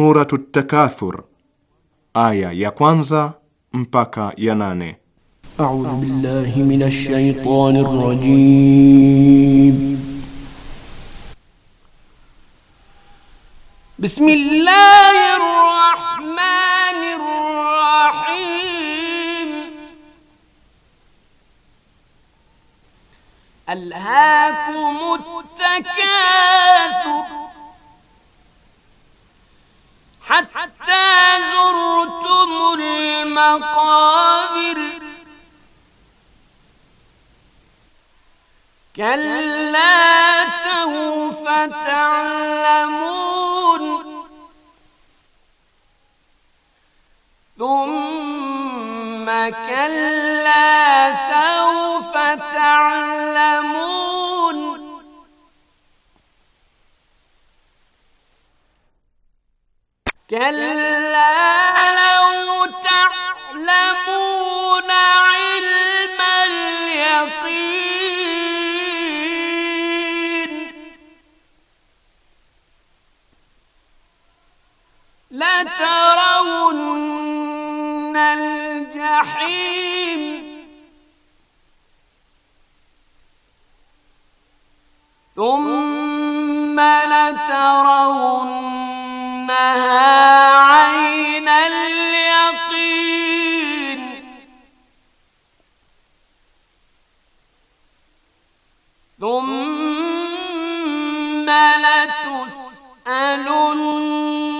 Suratu Takathur aya ya kwanza mpaka ya nane. A'udhu billahi minash shaitanir rajim. Bismillahir rahmanir rahim. Alhaakumut takathur حتى زرتم المقابر كلا سوف تعلمون ثم كلا سوف تعلمون كلا لو تعلمون علم اليقين لترون الجحيم ثم لترون علمها عين اليقين ثم لتسألن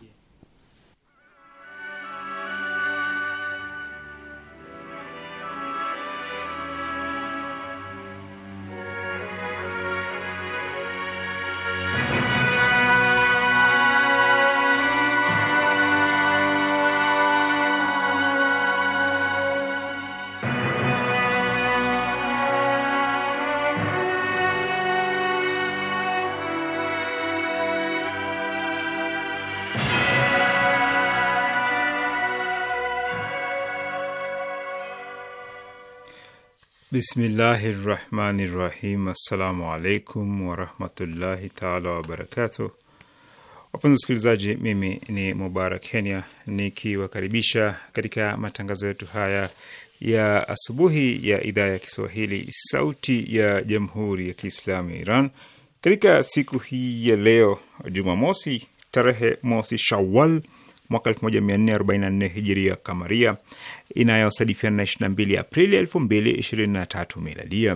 Bismillahi rahmani rahim. Assalamu alaikum warahmatullahi taala wabarakatu. Wapenzi wasikilizaji, mimi ni Mubarak Kenya nikiwakaribisha katika matangazo yetu haya ya asubuhi ya idhaa ya Kiswahili sauti ya jamhuri ya Kiislamu ya Iran katika siku hii ya leo Jumamosi tarehe mosi Shawal mwaka 1444 hijiria kamaria inayosadifiana na 22 Aprili 2023 miladia.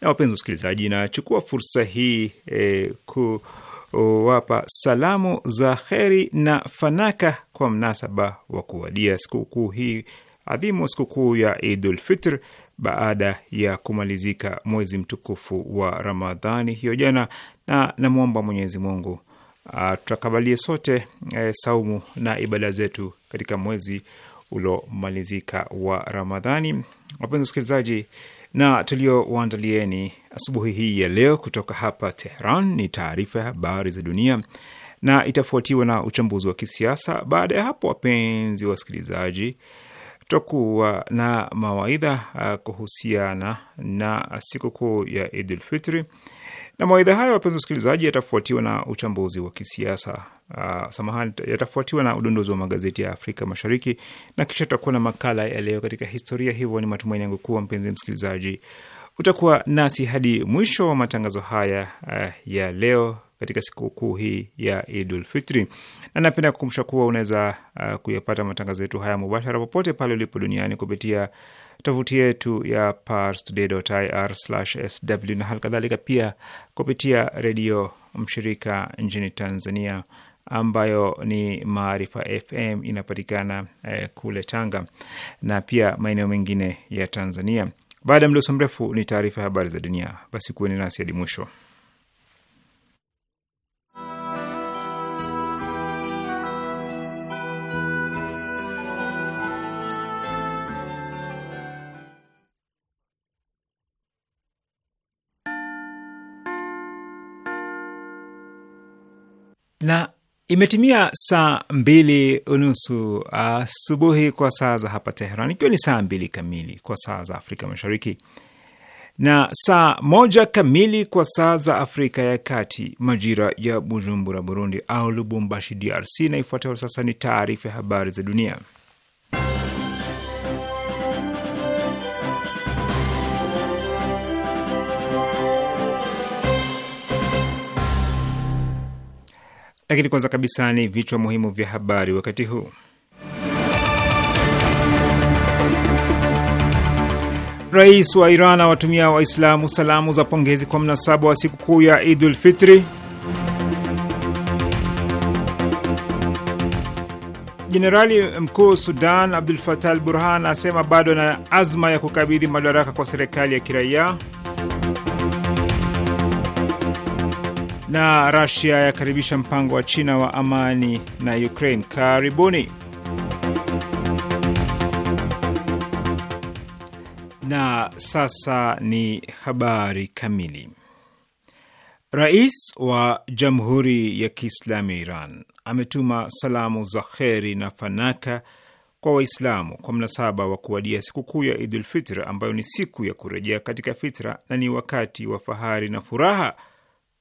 Na wapenzi wasikilizaji, nachukua fursa hii eh, kuwapa salamu za kheri na fanaka kwa mnasaba wa kuwadia sikukuu hii adhimu, sikukuu ya Idul Fitr, baada ya kumalizika mwezi mtukufu wa Ramadhani hiyo jana, na namwomba Mwenyezi Mungu Ah, tutakabalie sote e, saumu na ibada zetu katika mwezi uliomalizika wa Ramadhani. Wapenzi wasikilizaji, na tuliowaandalieni asubuhi hii ya leo kutoka hapa Tehran ni taarifa ya habari za dunia na itafuatiwa na uchambuzi wa kisiasa. Baada ya hapo, wapenzi wasikilizaji, tutakuwa na mawaidha ah, kuhusiana na sikukuu ya Idul Fitri na mawaidha hayo, wapenzi wasikilizaji, yatafuatiwa na uchambuzi wa kisiasa uh, samahani, yatafuatiwa na udondozi wa magazeti ya Afrika Mashariki na kisha tutakuwa na makala ya leo katika historia. Hivyo ni matumaini yangu kuwa mpenzi msikilizaji utakuwa nasi hadi mwisho wa matangazo haya uh, ya leo katika sikukuu hii ya Idul Fitri, na napenda kukumbusha kuwa unaweza uh, kuyapata matangazo yetu haya mubashara popote pale ulipo duniani kupitia tovuti yetu ya parstoday.ir/sw na hali kadhalika pia kupitia redio mshirika nchini Tanzania ambayo ni Maarifa FM inapatikana eh, kule Tanga na pia maeneo mengine ya Tanzania. Baada ya mdoso mrefu ni taarifa ya habari za dunia, basi kuweni nasi hadi mwisho. na imetimia saa mbili unusu ah, asubuhi kwa saa za hapa Teheran, ikiwa ni saa mbili kamili kwa saa za Afrika Mashariki na saa moja kamili kwa saa za Afrika ya Kati, majira ya Bujumbura, Burundi, au Lubumbashi, DRC. Na ifuatayo sasa ni taarifa ya habari za dunia. Lakini kwanza kabisa ni vichwa muhimu vya habari wakati huu. Rais wa Iran awatumia Waislamu salamu za pongezi kwa mnasaba wa sikukuu ya Idul Fitri. Jenerali mkuu Sudan Abdul Fatah al Burhan asema bado ana azma ya kukabidhi madaraka kwa serikali ya kiraia. na Rasia yakaribisha mpango wa China wa amani na Ukraine. Karibuni. Na sasa ni habari kamili. Rais wa Jamhuri ya Kiislamu ya Iran ametuma salamu za kheri na fanaka kwa Waislamu kwa mnasaba wa kuwadia sikukuu ya Idul Fitr ambayo ni siku ya kurejea katika fitra na ni wakati wa fahari na furaha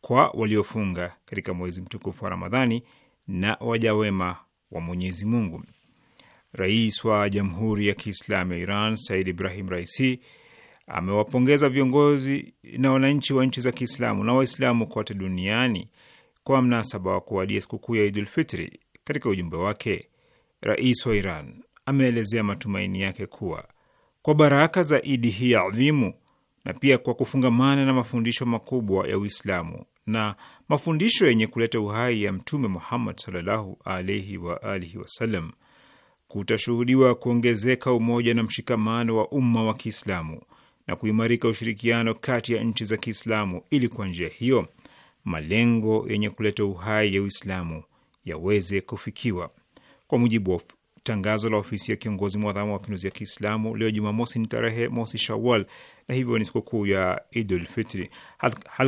kwa waliofunga katika mwezi mtukufu wa Ramadhani na wajawema wa Mwenyezi Mungu. Rais wa Jamhuri ya Kiislamu ya Iran Said Ibrahim Raisi amewapongeza viongozi na wananchi wa nchi za Kiislamu na Waislamu kote duniani kwa mnasaba wa kuwadia sikukuu ya Idul Fitri. Katika ujumbe wake, rais wa Iran ameelezea matumaini yake kuwa kwa baraka za idi hii adhimu na pia kwa kufungamana na mafundisho makubwa ya Uislamu na mafundisho yenye kuleta uhai ya Mtume Muhammad sallallahu alaihi wa alihi wasallam kutashuhudiwa kuongezeka umoja na mshikamano wa umma wa Kiislamu na kuimarika ushirikiano kati ya nchi za Kiislamu ili kwa njia hiyo malengo yenye kuleta uhai ya Uislamu yaweze kufikiwa. Kwa mujibu wa Tangazo la ofisi ya kiongozi mwadhamu wa mapinduzi ya Kiislamu leo Jumamosi ni tarehe mosi Shawal na hivyo ni sikukuu ya Idul Fitri.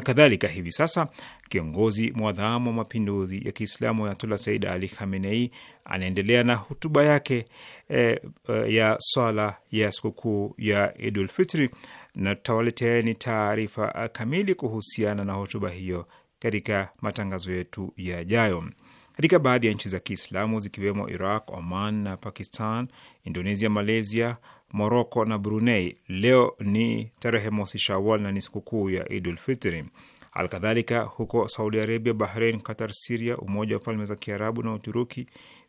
kadhalika hivi sasa kiongozi mwadhamu wa mapinduzi ya Kiislamu Ayatullah Said Ali Khamenei anaendelea na hutuba yake e, e, ya swala ya sikukuu ya Idul Fitri, na tutawaleteeni taarifa kamili kuhusiana na hotuba hiyo katika matangazo yetu yajayo. Katika baadhi ya nchi za Kiislamu zikiwemo Iraq, Oman na Pakistan, Indonesia, Malaysia, Moroko na Brunei, leo ni tarehe mosi Shawal na ni sikukuu ya Idul Fitri. Alkadhalika huko Saudi Arabia, Bahrain, Qatar, Siria, Umoja wa Falme za Kiarabu na Uturuki,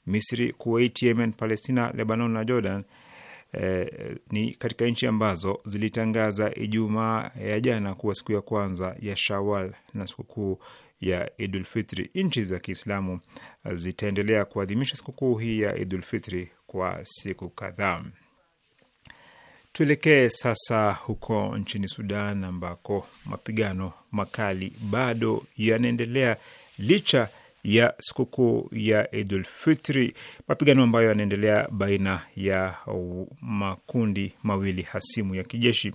Misri, Kuwait, Yemen, Palestina, Lebanon na Jordan eh, ni katika nchi ambazo zilitangaza Ijumaa ya jana kuwa siku ya kwanza ya Shawal na sikukuu ya Idul Fitri. Nchi za Kiislamu uh, zitaendelea kuadhimisha sikukuu hii ya Idul Fitri kwa siku kadhaa. Tuelekee sasa huko nchini Sudan ambako mapigano makali bado yanaendelea licha ya sikukuu ya Idul Fitri, mapigano ambayo yanaendelea baina ya makundi mawili hasimu ya kijeshi.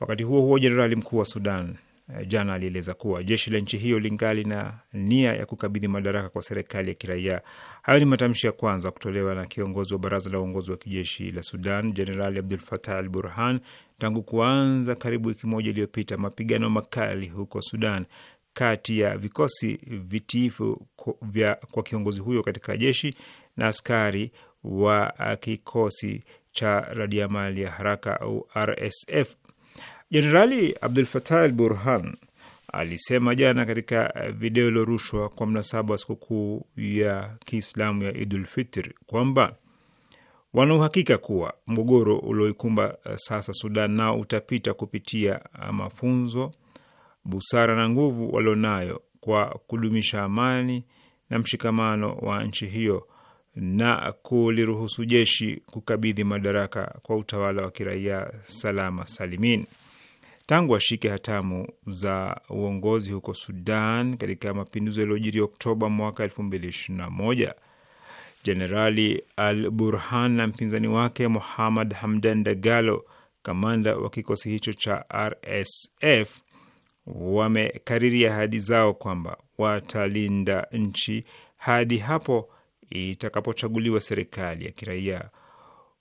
Wakati huo huo, jenerali mkuu wa Sudan Eh, jana alieleza kuwa jeshi la nchi hiyo lingali na nia ya kukabidhi madaraka kwa serikali ya kiraia. Hayo ni matamshi ya kwanza kutolewa na kiongozi wa baraza la uongozi wa kijeshi la Sudan, Jenerali Abdul Fatah al Burhan tangu kuanza karibu wiki moja iliyopita mapigano makali huko Sudan kati ya vikosi vitiifu vya kwa kiongozi huyo katika jeshi na askari wa eh, kikosi cha radiamali ya haraka au RSF. Jenerali Abdul Fatah al Burhan alisema jana katika video iliyorushwa kwa mnasaba wa sikukuu ya Kiislamu ya Idul Fitr kwamba wana uhakika kuwa mgogoro ulioikumba eh, sasa Sudan nao utapita kupitia eh, mafunzo, busara na nguvu walionayo kwa kudumisha amani na mshikamano wa nchi hiyo na kuliruhusu jeshi kukabidhi madaraka kwa utawala wa kiraia salama salimin tangu ashike hatamu za uongozi huko Sudan katika mapinduzi yaliyojiri Oktoba mwaka 2021. Jenerali Al Burhan na mpinzani wake Muhamad Hamdan Dagalo, kamanda wa kikosi hicho cha RSF, wamekariri ahadi zao kwamba watalinda nchi hadi hapo itakapochaguliwa serikali ya kiraia.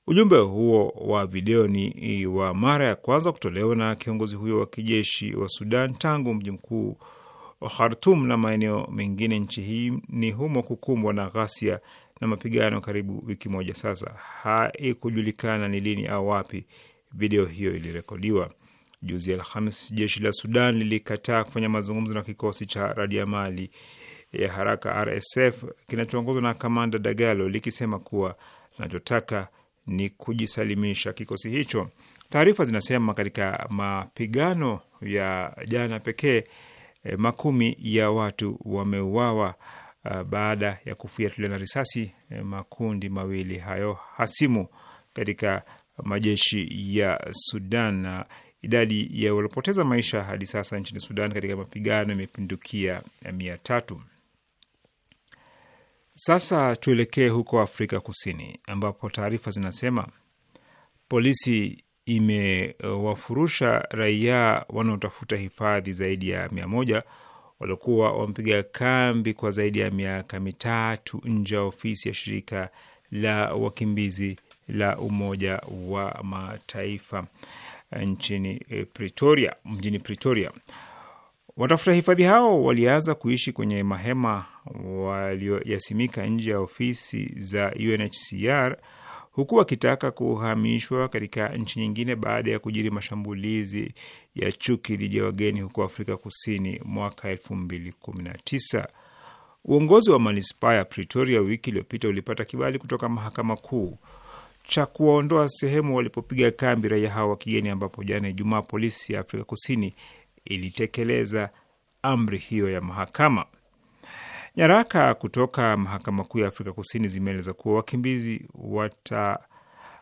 Ujumbe huo wa video ni wa mara ya kwanza kutolewa na kiongozi huyo wa kijeshi wa Sudan tangu mji mkuu Khartum na maeneo mengine nchi hii ni humo kukumbwa na ghasia na mapigano karibu wiki moja sasa. Haikujulikana ni lini au wapi video hiyo ilirekodiwa. Juzi Alhamis, jeshi la Sudan lilikataa kufanya mazungumzo na kikosi cha radiamali ya haraka RSF kinachoongozwa na kamanda Dagalo likisema kuwa linachotaka ni kujisalimisha kikosi hicho. Taarifa zinasema katika mapigano ya jana pekee eh, makumi ya watu wameuawa eh, baada ya na risasi eh, makundi mawili hayo hasimu katika majeshi ya Sudan na idadi ya waliopoteza maisha hadi sasa nchini Sudan katika mapigano imepindukia mia tatu. Sasa tuelekee huko Afrika Kusini, ambapo taarifa zinasema polisi imewafurusha raia wanaotafuta hifadhi zaidi ya mia moja waliokuwa wamepiga kambi kwa zaidi ya miaka mitatu nje ya ofisi ya shirika la wakimbizi la Umoja wa Mataifa eh, nchini eh, Pretoria, mjini Pretoria. Watafuta hifadhi hao walianza kuishi kwenye mahema walioyasimika nje ya ofisi za UNHCR huku wakitaka kuhamishwa katika nchi nyingine baada ya kujiri mashambulizi ya chuki dhidi ya wageni huko Afrika Kusini mwaka 2019. Uongozi wa manispaa ya Pretoria wiki iliyopita ulipata kibali kutoka mahakama kuu cha kuwaondoa sehemu walipopiga kambi raia hao wa kigeni, ambapo jana Ijumaa polisi ya Afrika Kusini ilitekeleza amri hiyo ya mahakama. Nyaraka kutoka mahakama kuu ya Afrika Kusini zimeeleza kuwa wakimbizi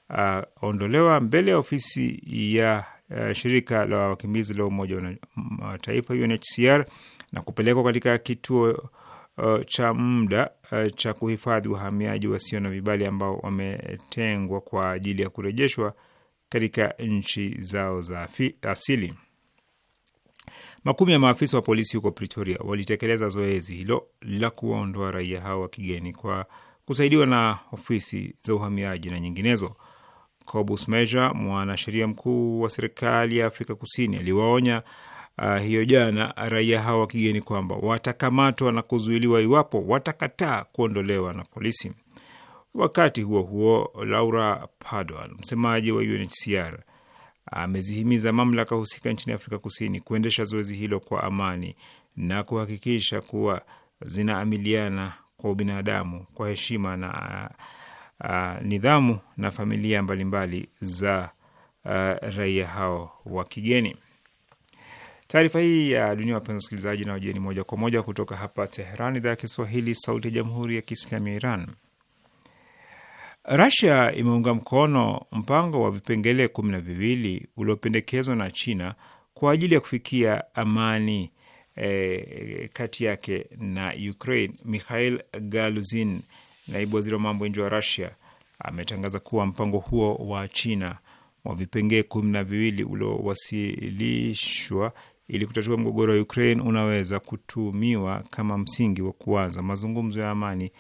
wataondolewa uh, mbele ya ofisi ya uh, shirika la wakimbizi la Umoja wa Mataifa UNHCR na kupelekwa katika kituo uh, cha muda uh, cha kuhifadhi wahamiaji wasio na vibali ambao wametengwa kwa ajili ya kurejeshwa katika nchi zao za asili. Makumi ya maafisa wa polisi huko Pretoria walitekeleza zoezi hilo la kuwaondoa raia hao wa kigeni kwa kusaidiwa na ofisi za uhamiaji na nyinginezo. Cobus Mesa, mwanasheria mkuu wa serikali ya Afrika Kusini, aliwaonya uh, hiyo jana raia hao wa kigeni kwamba watakamatwa na kuzuiliwa iwapo watakataa kuondolewa na polisi. Wakati huo huo, Laura Padoan, msemaji wa UNHCR, amezihimiza mamlaka husika nchini Afrika Kusini kuendesha zoezi hilo kwa amani na kuhakikisha kuwa zinaamiliana kwa ubinadamu, kwa heshima na a, a, nidhamu na familia mbalimbali mbali za raia hao wa kigeni. Taarifa hii ya dunia, wapenzi wasikilizaji, na wajeni moja kwa moja kutoka hapa Teheran, idhaa ya Kiswahili, sauti ya jamhuri ya kiislamu ya Iran. Rasia imeunga mkono mpango wa vipengele kumi na viwili uliopendekezwa na China kwa ajili ya kufikia amani e, kati yake na Ukraine. Mikhail Galuzin, naibu waziri wa mambo ya nje wa Rasia, ametangaza kuwa mpango huo wa China wa vipengee kumi na viwili uliowasilishwa ili kutatua mgogoro wa Ukraine unaweza kutumiwa kama msingi wa kuanza mazungumzo ya amani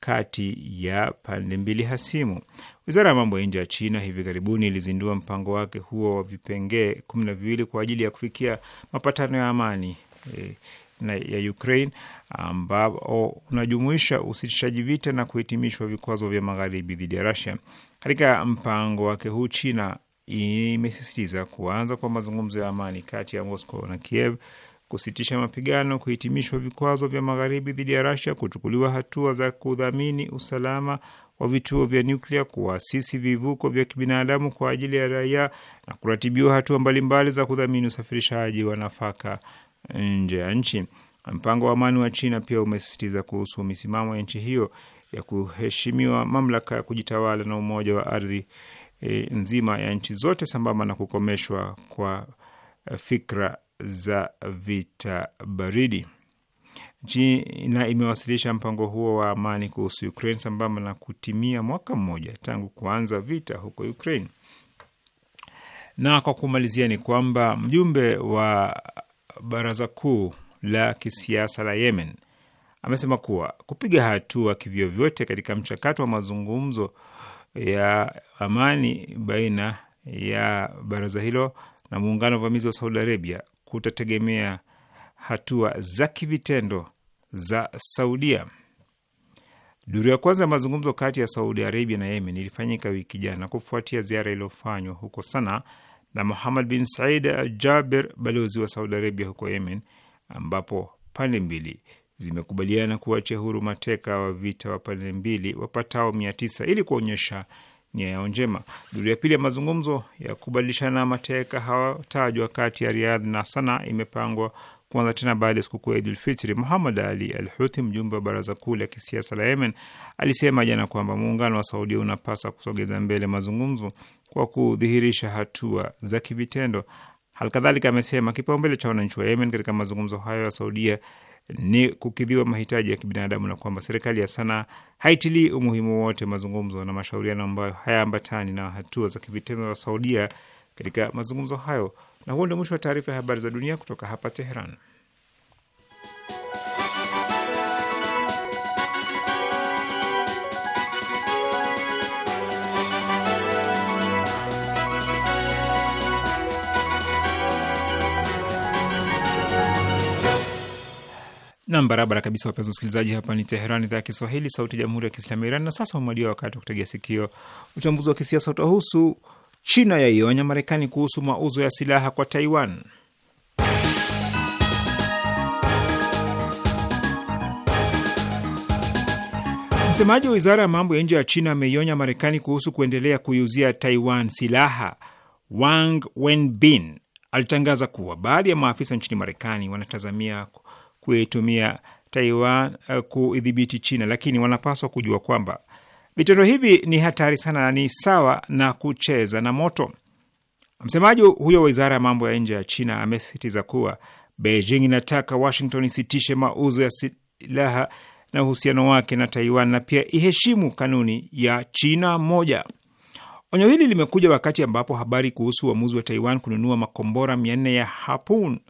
kati ya pande mbili hasimu. Wizara ya mambo ya nje ya China hivi karibuni ilizindua mpango wake huo wa vipengee kumi na viwili kwa ajili ya kufikia mapatano ya amani e, na, ya Ukraine ambao unajumuisha usitishaji vita na kuhitimishwa vikwazo vya magharibi dhidi ya Russia. Katika mpango wake huu, China imesisitiza kuanza kwa mazungumzo ya amani kati ya Moscow na Kiev kusitisha mapigano, kuhitimishwa vikwazo vya magharibi dhidi ya rasia kuchukuliwa hatua za kudhamini usalama wa vituo vya nyuklia, kuasisi vivuko vya kibinadamu kwa ajili ya raia na kuratibiwa hatua mbalimbali za kudhamini usafirishaji wa nafaka nje ya nchi. Mpango wa amani wa China pia umesisitiza kuhusu misimamo ya nchi hiyo ya kuheshimiwa mamlaka ya kujitawala na umoja wa ardhi e, nzima ya nchi zote sambamba na kukomeshwa kwa eh, fikra za vita baridi. China imewasilisha mpango huo wa amani kuhusu Ukraine sambamba na kutimia mwaka mmoja tangu kuanza vita huko Ukraine. Na kwa kumalizia, ni kwamba mjumbe wa baraza kuu la kisiasa la Yemen amesema kuwa kupiga hatua kivyovyote katika mchakato wa mazungumzo ya amani baina ya baraza hilo na muungano wa vamizi wa Saudi Arabia kutategemea hatua za kivitendo za Saudia. Duru ya kwanza ya mazungumzo kati ya Saudi Arabia na Yemen ilifanyika wiki jana kufuatia ziara iliyofanywa huko sana na Muhammad bin Said Jaber, balozi wa Saudi Arabia huko Yemen, ambapo pande mbili zimekubaliana kuachia huru mateka wa vita wa pande mbili wapatao mia tisa ili kuonyesha nia yao njema. Duru ya pili ya mazungumzo ya kubadilishana mateka hawatajwa kati ya Riadh na sana imepangwa kuanza tena baada ya sikukuu ya Idul Fitri. Muhamad Ali Al Huthi, mjumbe wa baraza kuu la kisiasa la Yemen, alisema jana kwamba muungano wa Saudia unapasa kusogeza mbele mazungumzo kwa kudhihirisha hatua za kivitendo. Halikadhalika amesema kipaumbele cha wananchi wa Yemen katika mazungumzo hayo ya Saudia ni kukidhiwa mahitaji ya kibinadamu na kwamba serikali ya sana haitilii umuhimu wote mazungumzo na mashauriano ambayo hayaambatani na hatua za kivitendo za Saudia katika mazungumzo hayo. Na huo ndio mwisho wa taarifa ya habari za dunia kutoka hapa Teheran. Nam, barabara kabisa, wapenzi msikilizaji, hapa ni Teheran, idhaa ya Kiswahili, sauti ya jamhuri ya kiislamu ya Iran. Na sasa umewadia wakati wa kutegea sikio. Uchambuzi wa kisiasa utahusu China yaionya Marekani kuhusu mauzo ya silaha kwa Taiwan. Msemaji wa wizara ya mambo ya nje ya China ameionya Marekani kuhusu kuendelea kuiuzia Taiwan silaha. Wang Wenbin alitangaza kuwa baadhi ya maafisa nchini Marekani wanatazamia kuitumia Taiwan uh, kuidhibiti China, lakini wanapaswa kujua kwamba vitendo hivi ni hatari sana na ni sawa na kucheza na moto. Msemaji huyo wa wizara ya mambo ya nje ya China amesisitiza kuwa Beijing inataka Washington isitishe mauzo ya silaha na uhusiano wake na Taiwan na pia iheshimu kanuni ya China moja. Onyo hili limekuja wakati ambapo habari kuhusu uamuzi wa Taiwan kununua makombora mia ya Harpoon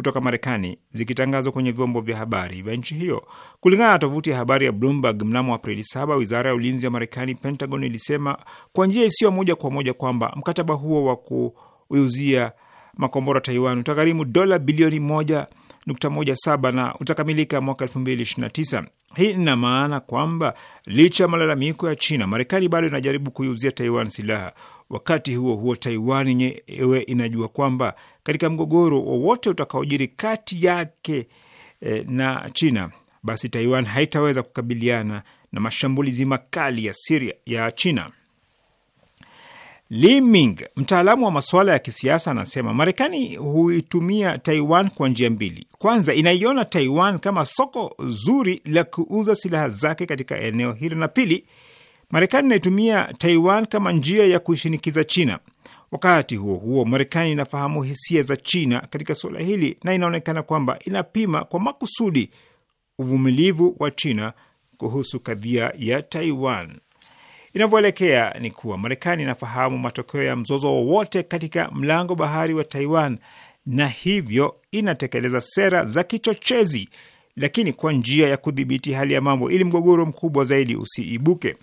kutoka Marekani zikitangazwa kwenye vyombo vya habari vya nchi hiyo. Kulingana na tovuti ya habari ya Bloomberg, mnamo Aprili 7 wizara ya ulinzi ya Marekani, Pentagon, ilisema kwa njia isiyo moja kwa moja kwamba mkataba huo wa kuuzia makombora Taiwan utagharimu dola bilioni moja na utakamilika mwaka elfu Hii ina maana kwamba licha ya malalamiko ya China, Marekani bado inajaribu kuiuzia Taiwan silaha. Wakati huo huo, Taiwan yenyewe inajua kwamba katika mgogoro wowote utakaojiri kati yake e, na China, basi Taiwan haitaweza kukabiliana na mashambulizi makali ya Siria ya China. Liming, mtaalamu wa masuala ya kisiasa, anasema Marekani huitumia Taiwan kwa njia mbili. Kwanza, inaiona Taiwan kama soko zuri la kuuza silaha zake katika eneo hilo, na pili Marekani inaitumia Taiwan kama njia ya kuishinikiza China. Wakati huo huo, Marekani inafahamu hisia za China katika suala hili na inaonekana kwamba inapima kwa makusudi uvumilivu wa China kuhusu kadhia ya Taiwan. Inavyoelekea ni kuwa Marekani inafahamu matokeo ya mzozo wowote katika mlango bahari wa Taiwan na hivyo inatekeleza sera za kichochezi, lakini kwa njia ya kudhibiti hali ya mambo ili mgogoro mkubwa zaidi usiibuke.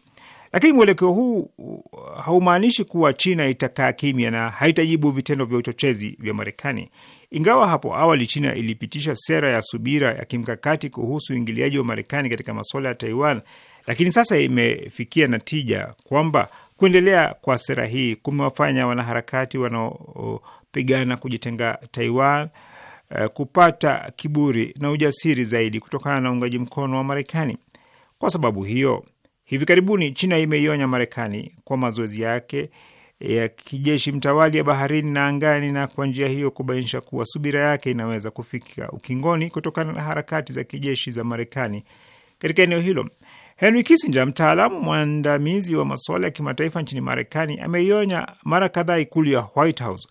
Lakini mwelekeo huu uh, haumaanishi kuwa China itakaa kimya na haitajibu vitendo vya uchochezi vya Marekani. Ingawa hapo awali China ilipitisha sera ya subira ya kimkakati kuhusu uingiliaji wa Marekani katika masuala ya Taiwan, lakini sasa imefikia natija kwamba kuendelea kwa sera hii kumewafanya wanaharakati wanaopigana kujitenga Taiwan uh, kupata kiburi na ujasiri zaidi kutokana na uungaji mkono wa Marekani. Kwa sababu hiyo Hivi karibuni China imeionya Marekani kwa mazoezi yake ya kijeshi mtawali ya baharini na angani, na kwa njia hiyo kubainisha kuwa subira yake inaweza kufika ukingoni kutokana na harakati za kijeshi za Marekani katika eneo hilo. Henry Kissinger, mtaalamu mwandamizi wa masuala ya kimataifa nchini Marekani, ameionya mara kadhaa ikulu ya White House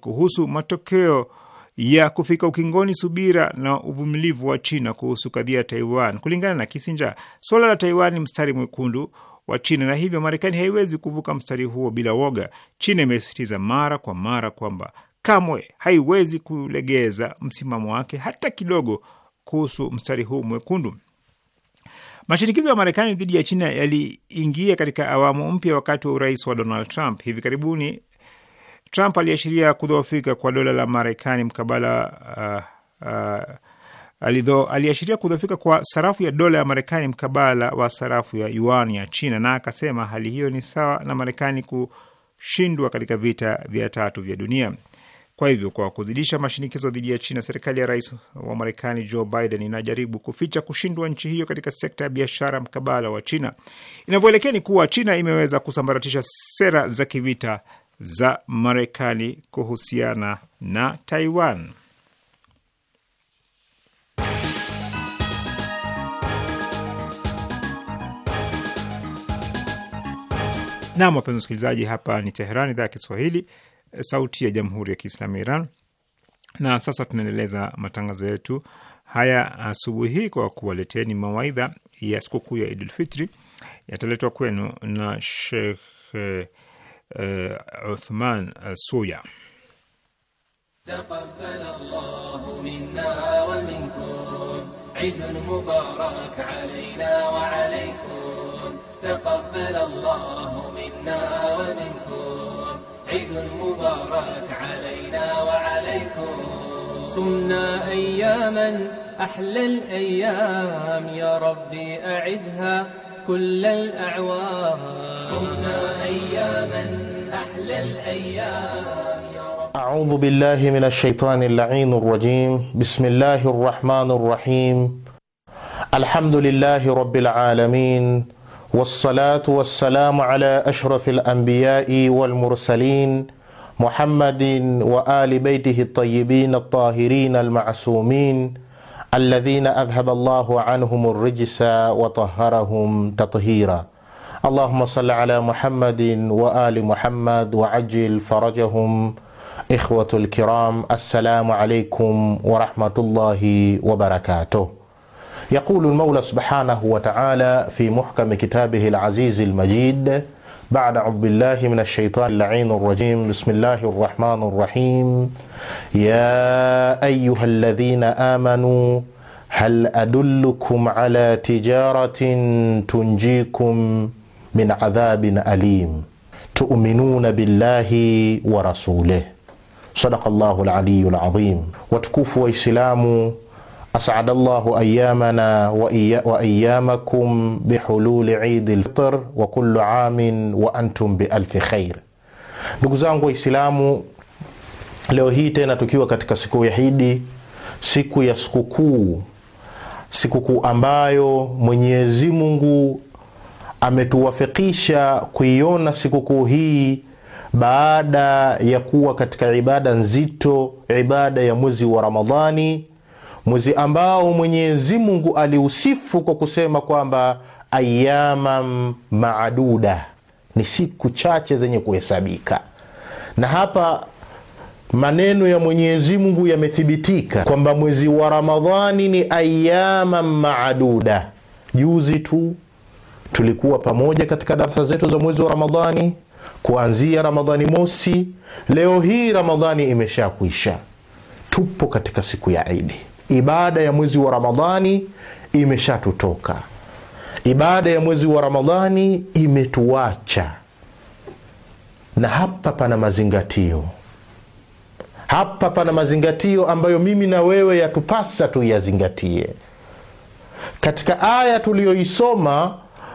kuhusu matokeo ya kufika ukingoni subira na uvumilivu wa China kuhusu kadhia ya Taiwan. Kulingana na Kisinja, suala la Taiwan ni mstari mwekundu wa China na hivyo Marekani haiwezi kuvuka mstari huo bila woga. China imesisitiza mara kwa mara kwamba kamwe haiwezi kulegeza msimamo wake hata kidogo kuhusu mstari huu mwekundu. Mashinikizo ya Marekani dhidi ya China yaliingia katika awamu mpya wakati wa urais wa Donald Trump. Hivi karibuni Trump aliashiria kudhoofika kwa dola la Marekani mkabala uh, uh, alidho, aliashiria kudhoofika kwa sarafu ya dola ya Marekani mkabala wa sarafu ya yuan ya China, na akasema hali hiyo ni sawa na Marekani kushindwa katika vita vya tatu vya dunia. Kwa hivyo, kwa kuzidisha mashinikizo dhidi ya China, serikali ya rais wa Marekani Joe Biden inajaribu kuficha kushindwa nchi hiyo katika sekta ya biashara mkabala wa China. Inavyoelekea ni kuwa China imeweza kusambaratisha sera za kivita za Marekani kuhusiana na Taiwan. Nam, wapenzi wasikilizaji, hapa ni Teheran, idhaa ya Kiswahili, sauti ya jamhuri ya kiislamu ya Iran. Na sasa tunaendeleza matangazo yetu haya asubuhi hii kwa kuwaleteni mawaidha ya sikukuu ya Idulfitri, yataletwa kwenu na Shekh eh, آه، عثمان سويا. تقبل الله منا ومنكم عيد مبارك علينا وعليكم تقبل الله منا ومنكم عيد مبارك علينا وعليكم صمنا أياما أحلى الأيام يا ربي أعدها كل الأعوام صرنا أياما أحلى الأيام أعوذ بالله من الشيطان اللعين الرجيم بسم الله الرحمن الرحيم الحمد لله رب العالمين والصلاة والسلام على أشرف الأنبياء والمرسلين محمد وآل بيته الطيبين الطاهرين المعصومين الذين اذهب الله عنهم الرجس وطهرهم تطهيرا اللهم صل على محمد وال محمد وعجل فرجهم إخوة الكرام السلام عليكم ورحمة الله وبركاته يقول المولى سبحانه وتعالى في محكم كتابه العزيز المجيد بعد أعوذ بالله من الشيطان اللعين الرجيم بسم الله الرحمن الرحيم يا أيها الذين آمنوا هل أدلكم على تجارة تنجيكم من عذاب أليم تؤمنون بالله ورسوله صدق الله العلي العظيم وتكوف وإسلامه أسعد الله أيامنا وأيامكم بحلول عيد الفطر وكل عام وأنتم بألف خير. Ndugu zangu Waislamu, leo hii tena tukiwa katika siku ya hidi siku ya sikukuu, sikukuu ambayo Mwenyezi Mungu ametuwafikisha kuiona sikukuu hii baada ya kuwa katika ibada nzito, ibada ya mwezi wa Ramadhani mwezi ambao Mwenyezi Mungu aliusifu kwa kusema kwamba ayama maaduda, ni siku chache zenye kuhesabika. Na hapa maneno ya Mwenyezi Mungu yamethibitika kwamba mwezi wa Ramadhani ni ayama maaduda. Juzi tu tulikuwa pamoja katika darasa zetu za mwezi wa Ramadhani kuanzia Ramadhani mosi. Leo hii Ramadhani imeshakwisha, tupo katika siku ya Idi ibada ya mwezi wa Ramadhani imeshatutoka, ibada ya mwezi wa Ramadhani imetuacha. Na hapa pana mazingatio, hapa pana mazingatio ambayo mimi na wewe yatupasa tuyazingatie. Katika aya tuliyoisoma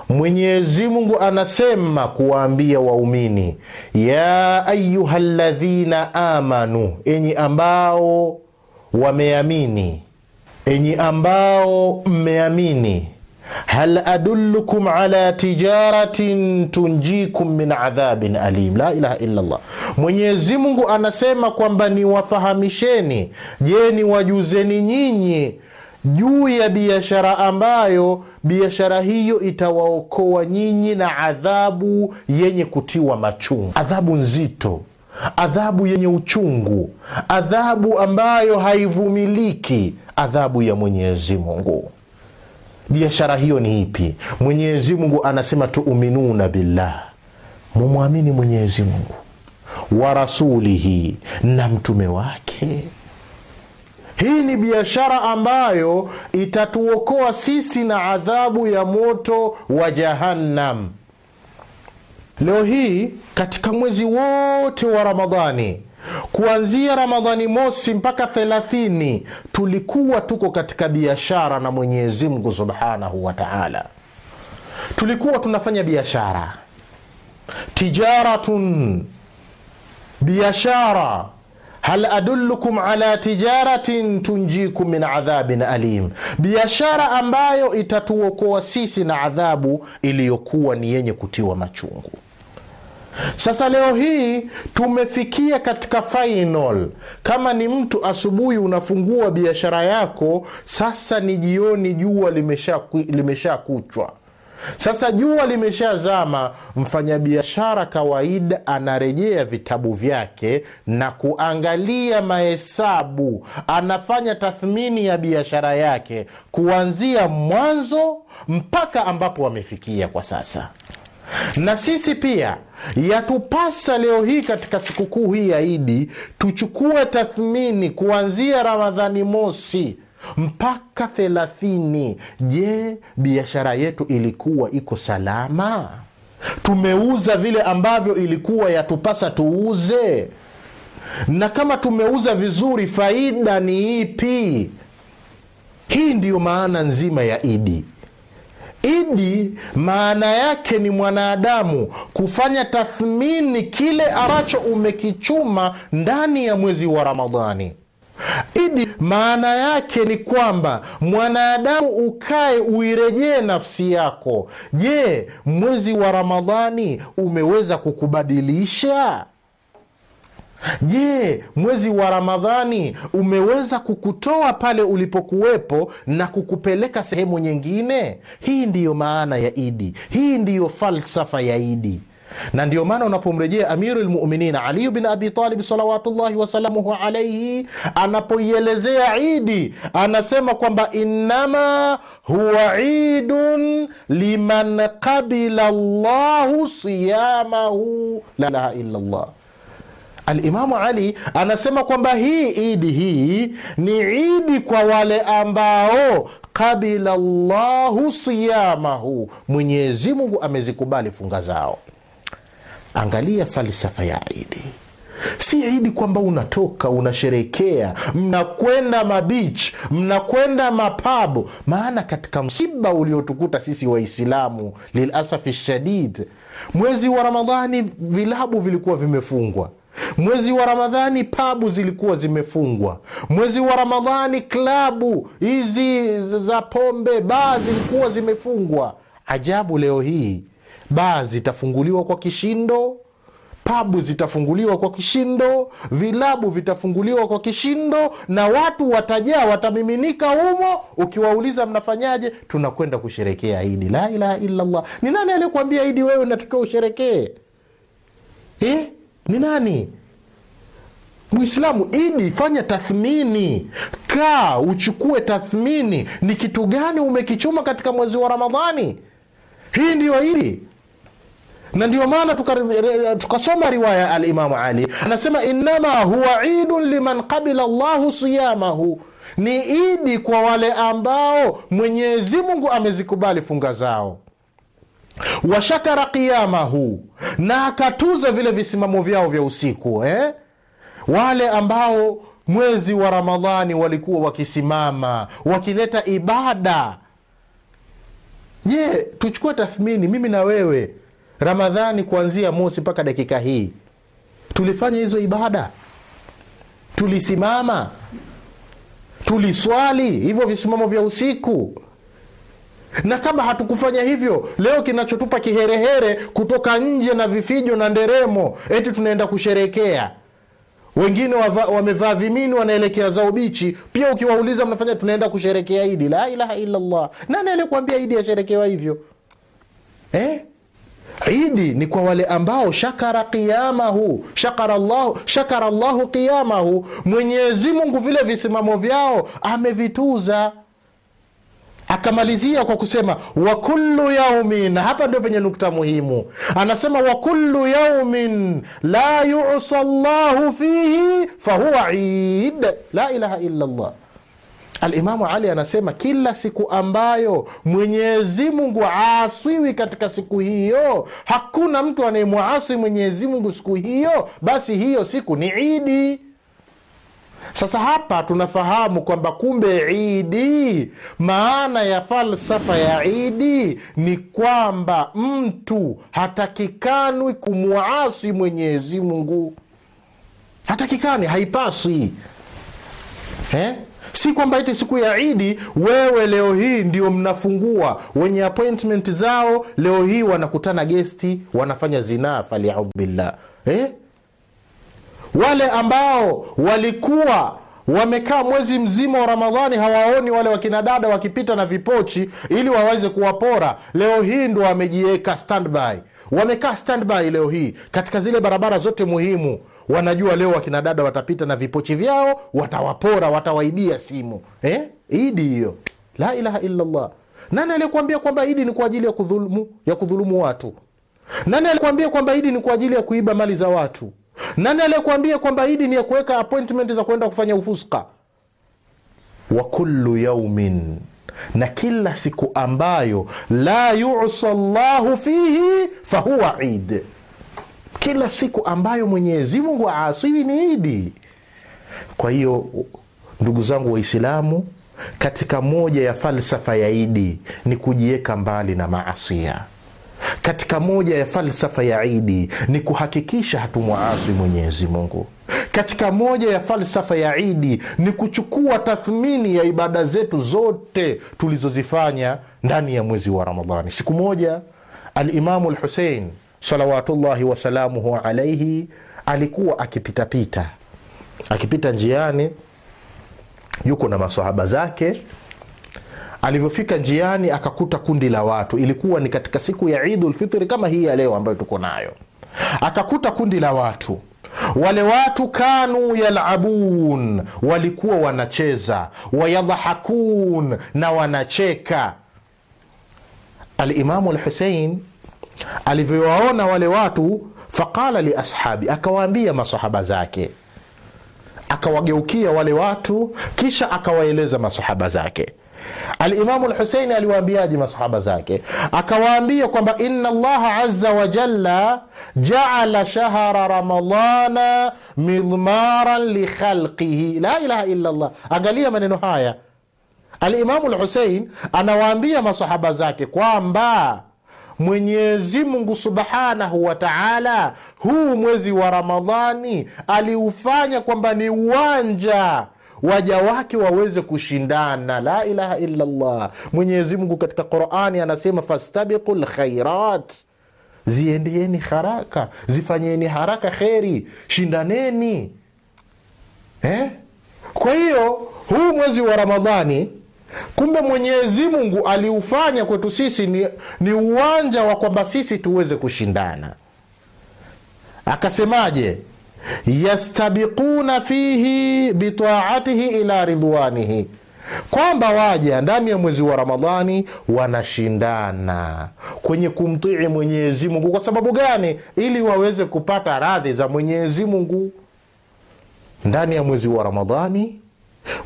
mwenyezimungu anasema kuwaambia waumini, ya ayuha ladhina amanu, enyi ambao wameamini. Enyi ambao mmeamini, hal adullukum ala tijaratin tunjikum min adhabin alim. La ilaha illa Allah. Mwenyezi Mungu anasema kwamba niwafahamisheni, je, niwajuzeni nyinyi juu ya biashara ambayo biashara hiyo itawaokoa nyinyi na adhabu yenye kutiwa machungu, adhabu nzito adhabu yenye uchungu, adhabu ambayo haivumiliki, adhabu ya Mwenyezi Mungu. Biashara hiyo ni ipi? Mwenyezi Mungu anasema tuuminuna billah, mumwamini Mwenyezi Mungu wa rasulihi, na mtume wake. Hii ni biashara ambayo itatuokoa sisi na adhabu ya moto wa Jahannam leo hii katika mwezi wote wa Ramadhani kuanzia Ramadhani mosi mpaka thelathini tulikuwa tuko katika biashara na Mwenyezi Mungu subhanahu wa taala, tulikuwa tunafanya biashara, tijaratun, biashara hal adullukum ala tijaratin tunjikum min adhabin alim, biashara ambayo itatuokoa sisi na adhabu iliyokuwa ni yenye kutiwa machungu. Sasa leo hii tumefikia katika final. Kama ni mtu asubuhi unafungua biashara yako, sasa ni jioni, jua limesha, limesha kuchwa sasa jua limeshazama. Mfanyabiashara kawaida anarejea vitabu vyake na kuangalia mahesabu, anafanya tathmini ya biashara yake kuanzia mwanzo mpaka ambapo wamefikia kwa sasa na sisi pia yatupasa leo hii katika sikukuu hii ya Idi tuchukue tathmini kuanzia Ramadhani mosi mpaka thelathini. Je, biashara yetu ilikuwa iko salama? Tumeuza vile ambavyo ilikuwa yatupasa tuuze? Na kama tumeuza vizuri, faida ni ipi? Hii ndiyo maana nzima ya Idi. Idi maana yake ni mwanadamu kufanya tathmini kile ambacho umekichuma ndani ya mwezi wa Ramadhani. Idi maana yake ni kwamba mwanadamu ukae uirejee nafsi yako. Je, mwezi wa Ramadhani umeweza kukubadilisha? Je, mwezi wa Ramadhani umeweza kukutoa pale ulipokuwepo na kukupeleka sehemu nyingine? Hii ndiyo maana ya Idi, hii ndiyo falsafa ya Idi na ndio maana unapomrejea Amiru lmuminin Aliyu bin Abi Talib salawatullahi wasalamuhu alaihi, anapoielezea Idi anasema kwamba innama huwa idun liman qabila llahu siyamahu la ilaha illa llah Alimamu Ali anasema kwamba hii idi hii ni idi kwa wale ambao kabila llahu siyamahu, Mwenyezi Mungu amezikubali funga zao. Angalia falsafa ya idi. Si idi kwamba unatoka unasherekea, mnakwenda mabich, mnakwenda mapabu. Maana katika msiba uliotukuta sisi Waislamu, lilasafi shadid, mwezi wa Ramadhani vilabu vilikuwa vimefungwa Mwezi wa Ramadhani pabu zilikuwa zimefungwa. Mwezi wa Ramadhani klabu hizi za pombe baa zilikuwa zimefungwa. Ajabu, leo hii baa zitafunguliwa kwa kishindo, pabu zitafunguliwa kwa kishindo, vilabu vitafunguliwa kwa kishindo, na watu watajaa, watamiminika humo. Ukiwauliza mnafanyaje? Tunakwenda kusherekea Idi. La ilaha illallah. Ni nani aliyekuambia Idi wewe unatakiwa usherekee eh? Ni nani? Mwislamu, idi, fanya tathmini, kaa uchukue tathmini, ni kitu gani umekichuma katika mwezi wa Ramadhani? Hii ndiyo idi na ndio maana tukasoma tuka riwaya Alimamu Ali anasema, innama huwa idun liman qabila llahu siyamahu, ni idi kwa wale ambao Mwenyezi Mungu amezikubali funga zao, washakara qiyamahu, na akatuza vile visimamo vyao vya usiku eh? wale ambao mwezi wa Ramadhani walikuwa wakisimama wakileta ibada. Je, tuchukue tathmini, mimi na wewe, Ramadhani kuanzia mosi mpaka dakika hii, tulifanya hizo ibada? Tulisimama? Tuliswali hivyo visimamo vya usiku? na kama hatukufanya hivyo, leo kinachotupa kiherehere kutoka nje na vifijo na nderemo, eti tunaenda kusherekea wengine wamevaa vimini wanaelekea zao bichi. Pia ukiwauliza mnafanya, tunaenda kusherekea Idi. La ilaha illallah, nani aliyekuambia Idi yasherekewa hivyo eh? Idi ni kwa wale ambao shakara qiyamahu shakara llahu shakara Allahu qiyamahu, Mwenyezi Mungu vile visimamo vyao amevituza akamalizia kwa kusema wa kullu yaumin, na hapa ndio penye nukta muhimu. Anasema wa kullu yaumin la yusa llahu fihi fahuwa id, la ilaha illa llah. Alimamu Ali anasema kila siku ambayo Mwenyezi Mungu katika siku hiyo, hakuna mtu anayemwasi Mwenyezi Mungu siku hiyo, basi hiyo siku ni idi. Sasa hapa tunafahamu kwamba kumbe idi, maana ya falsafa ya idi ni kwamba mtu hatakikanwi kumwasi Mwenyezi Mungu, hatakikani, haipasi eh? Si kwamba iti siku ya Idi wewe leo hii ndio mnafungua wenye appointment zao, leo hii wanakutana gesti, wanafanya zinaa, faliaubillah eh? wale ambao walikuwa wamekaa mwezi mzima wa Ramadhani hawaoni wale wakina dada wakipita na vipochi ili waweze kuwapora, leo hii ndo wamejiweka standby, wamekaa standby leo hii katika zile barabara zote muhimu. Wanajua leo wakina dada watapita na vipochi vyao, watawapora, watawaibia simu eh? Idi hiyo, la ilaha illallah. Nani aliyekuambia kwamba idi ni kwa ajili ya kudhulumu, ya kudhulumu watu? Nani alikuambia kwamba idi ni kwa ajili ya kuiba mali za watu? Nani aliyekuambia kwamba idi ni ya kuweka appointment za kuenda kufanya ufuska? wa kullu yaumin, na kila siku ambayo la yusa llahu fihi fahuwa id kila siku ambayo Mwenyezi Mungu ni idi. Kwa hiyo ndugu zangu Waislamu, katika moja ya falsafa ya idi ni kujiweka mbali na maasia. Katika moja ya falsafa ya Idi ni kuhakikisha hatumwaasi Mwenyezi Mungu. Katika moja ya falsafa ya Idi ni kuchukua tathmini ya ibada zetu zote tulizozifanya ndani ya mwezi wa Ramadhani. Siku moja Alimamu Lhusein salawatullahi wasalamuhu alaihi alikuwa akipitapita, akipita njiani, yuko na masohaba zake Alivyofika njiani akakuta kundi la watu, ilikuwa ni katika siku ya idulfitri kama hii ya leo ambayo tuko nayo. Akakuta kundi la watu wale watu kanu yalabun, walikuwa wanacheza, wayadhahakun, na wanacheka. Alimamu Alhusein alivyowaona wale watu, faqala liashabi, akawaambia masahaba zake, akawageukia wale watu, kisha akawaeleza masahaba zake Alimamu Lhuseini aliwaambiaje masahaba zake? Akawaambia kwamba inna llaha aza wa jalla jaala shahra ramadana midmaran likhalqihi la ilaha illa llah. Angalia maneno haya, Alimamu Lhusein anawaambia masahaba zake kwamba Mwenyezi Mungu subhanahu wa taala huu mwezi wa Ramadhani aliufanya kwamba ni uwanja waja wake waweze kushindana la ilaha illallah mwenyezi mungu katika qurani anasema fastabiqu lkhairat ziendeeni haraka zifanyeni haraka kheri shindaneni eh? kwa hiyo huu mwezi wa ramadhani kumbe mwenyezi mungu aliufanya kwetu sisi ni, ni uwanja wa kwamba sisi tuweze kushindana akasemaje yastabiquna fihi bitaatihi ila ridwanihi kwamba waja ndani ya mwezi wa Ramadhani wanashindana kwenye kumtii Mwenyezi Mungu. Kwa sababu gani? Ili waweze kupata radhi za Mwenyezi Mungu. Ndani ya mwezi wa Ramadhani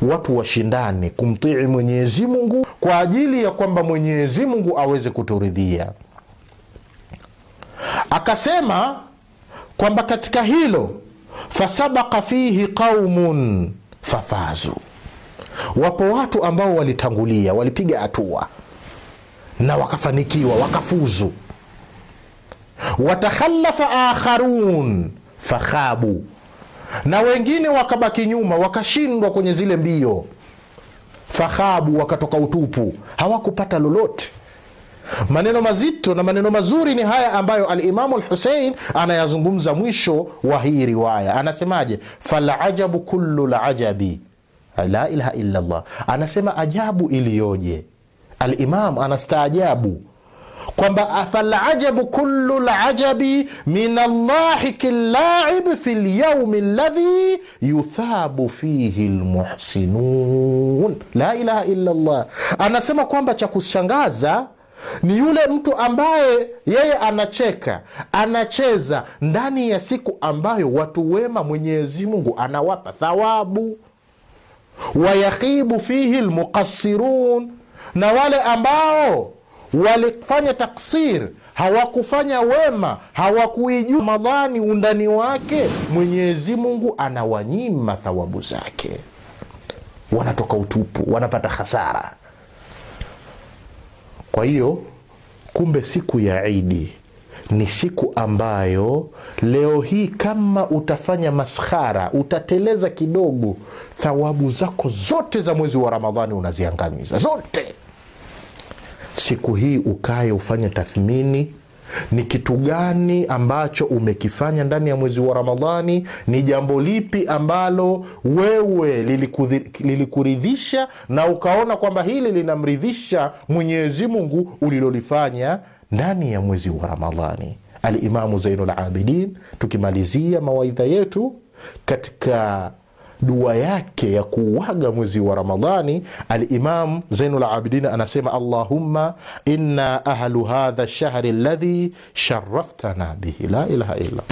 watu washindane kumtii Mwenyezi Mungu kwa ajili ya kwamba Mwenyezi Mungu aweze kuturidhia. Akasema kwamba katika hilo fasabaka fihi qaumun fafazu, wapo watu ambao walitangulia, walipiga hatua na wakafanikiwa, wakafuzu. Watakhalafa akharun fakhabu, na wengine wakabaki nyuma, wakashindwa kwenye zile mbio, fakhabu, wakatoka utupu, hawakupata lolote. Maneno mazito na maneno mazuri ni haya ambayo Alimamu Lhusein anayazungumza mwisho wa hii riwaya. Anasemaje? falajabu kulu lajabi la ilaha illallah Anasema ajabu iliyoje! Alimamu anastaajabu kwamba falajabu kulu lajabi min allahi kilaib fi lyaumi ladhi yuthabu fihi lmuhsinun la ilaha illallah Anasema kwamba cha kushangaza ni yule mtu ambaye yeye anacheka anacheza ndani ya siku ambayo watu wema mwenyezi mungu anawapa thawabu wayakhibu fihi lmuqasirun na wale ambao walifanya taksir hawakufanya wema hawakuijua ramadhani undani wake mwenyezi mungu anawanyima thawabu zake wanatoka utupu wanapata hasara kwa hiyo kumbe siku ya Idi ni siku ambayo leo hii kama utafanya maskhara, utateleza kidogo, thawabu zako zote za mwezi wa Ramadhani unaziangamiza zote. Siku hii ukaye ufanye tathmini ni kitu gani ambacho umekifanya ndani ya mwezi wa Ramadhani? Ni jambo lipi ambalo wewe lilikuridhisha na ukaona kwamba hili linamridhisha Mwenyezi Mungu ulilolifanya ndani ya mwezi wa Ramadhani? Alimamu zainulabidin tukimalizia mawaidha yetu katika dua yake ya kuuaga mwezi wa Ramadhani, Alimam zeinulabidin anasema allahumma inna ahlu hadha lshahri ladhi sharaftana bihi la ilaha illa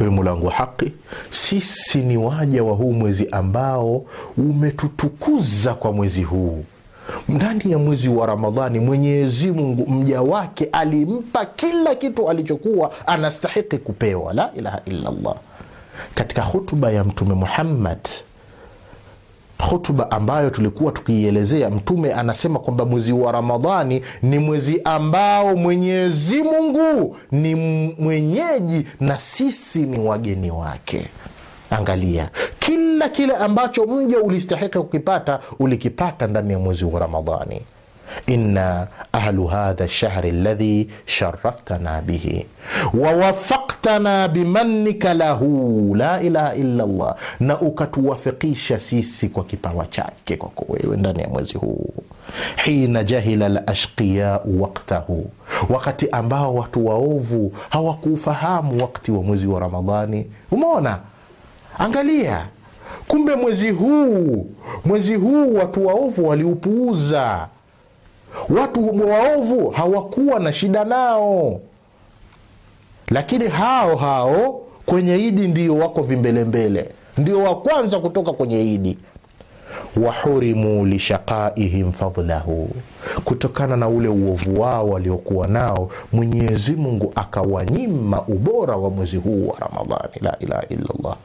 Ewe Mulangu wa haqi, sisi ni waja wa huu mwezi ambao umetutukuza kwa mwezi huu ndani ya mwezi wa Ramadhani Mwenyezi Mungu mja wake alimpa kila kitu alichokuwa anastahiki kupewa. La ilaha illallah katika hutuba ya Mtume Muhammad, hutuba ambayo tulikuwa tukiielezea, Mtume anasema kwamba mwezi wa Ramadhani ni mwezi ambao Mwenyezi Mungu ni mwenyeji na sisi ni wageni wake. Angalia, kila kile ambacho mja ulistahika kukipata ulikipata ndani ya mwezi wa Ramadhani inna ahlu hadha lshahri ladhi sharaftana bihi wawafaktana bimannika lahu la ilaha illa llah, na ukatuwafikisha sisi kwa kipawa chake kwako wewe ndani ya mwezi huu. Hina jahila lashqiyau waktahu, wakati ambao watu waovu hawakuufahamu wakti wa mwezi wa Ramadhani. Umeona, angalia, kumbe mwezi huu mwezi huu watu waovu waliupuuza Watu waovu hawakuwa na shida nao, lakini hao hao kwenye Idi ndio wako vimbelembele, ndio wa kwanza kutoka kwenye Idi. Wahurimu lishaqaihim fadlahu, kutokana na ule uovu wao waliokuwa nao, Mwenyezi Mungu akawanyima ubora wa mwezi huu wa Ramadhani. La ilaha illallah.